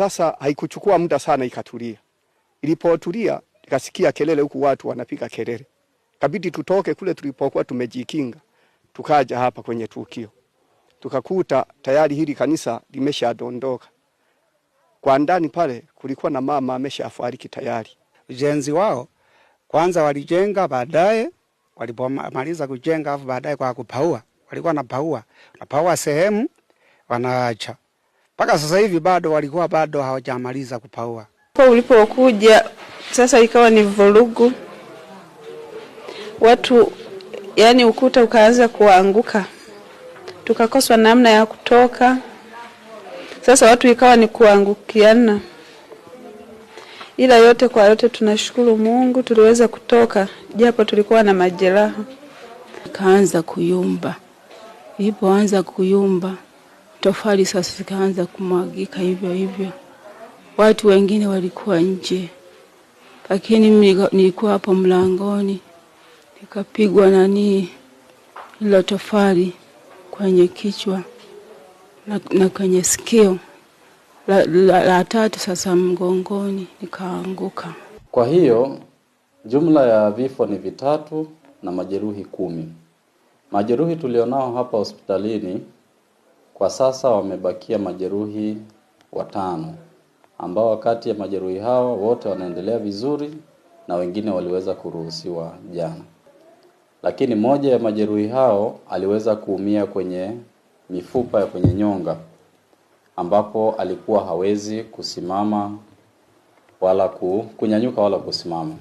Sasa haikuchukua muda sana, ikatulia. Ilipotulia ikasikia kelele huku, watu wanapiga kelele, kabidi tutoke kule tulipokuwa tumejikinga, tukaja hapa kwenye tukio, tukakuta tayari hili kanisa limeshadondoka kwa ndani. Pale kulikuwa na mama ameshafariki tayari. Ujenzi wao kwanza walijenga, baadaye walipomaliza kujenga, afu baadaye kwa kupaua, walikuwa na paua na paua sehemu wanaacha mpaka sasa hivi bado walikuwa bado hawajamaliza kupaua. Hapo ulipokuja sasa ikawa ni vurugu, watu yani ukuta ukaanza kuanguka, tukakoswa namna ya kutoka. Sasa watu ikawa ni kuangukiana, ila yote kwa yote tunashukuru Mungu tuliweza kutoka, japo tulikuwa na majeraha. Kaanza kuyumba, ilipoanza kuyumba tofali sasa zikaanza kumwagika hivyo hivyo. Watu wengine walikuwa nje, lakini mimi nilikuwa hapo mlangoni, nikapigwa nanii hilo tofali kwenye kichwa na, na kwenye sikio la, la, la tatu sasa mgongoni nikaanguka. Kwa hiyo jumla ya vifo ni vitatu na majeruhi kumi. Majeruhi tulionao hapa hospitalini kwa sasa wamebakia majeruhi watano ambao kati ya majeruhi hao wote wanaendelea vizuri na wengine waliweza kuruhusiwa jana, lakini mmoja ya majeruhi hao aliweza kuumia kwenye mifupa ya kwenye nyonga, ambapo alikuwa hawezi kusimama wala kunyanyuka wala kusimama.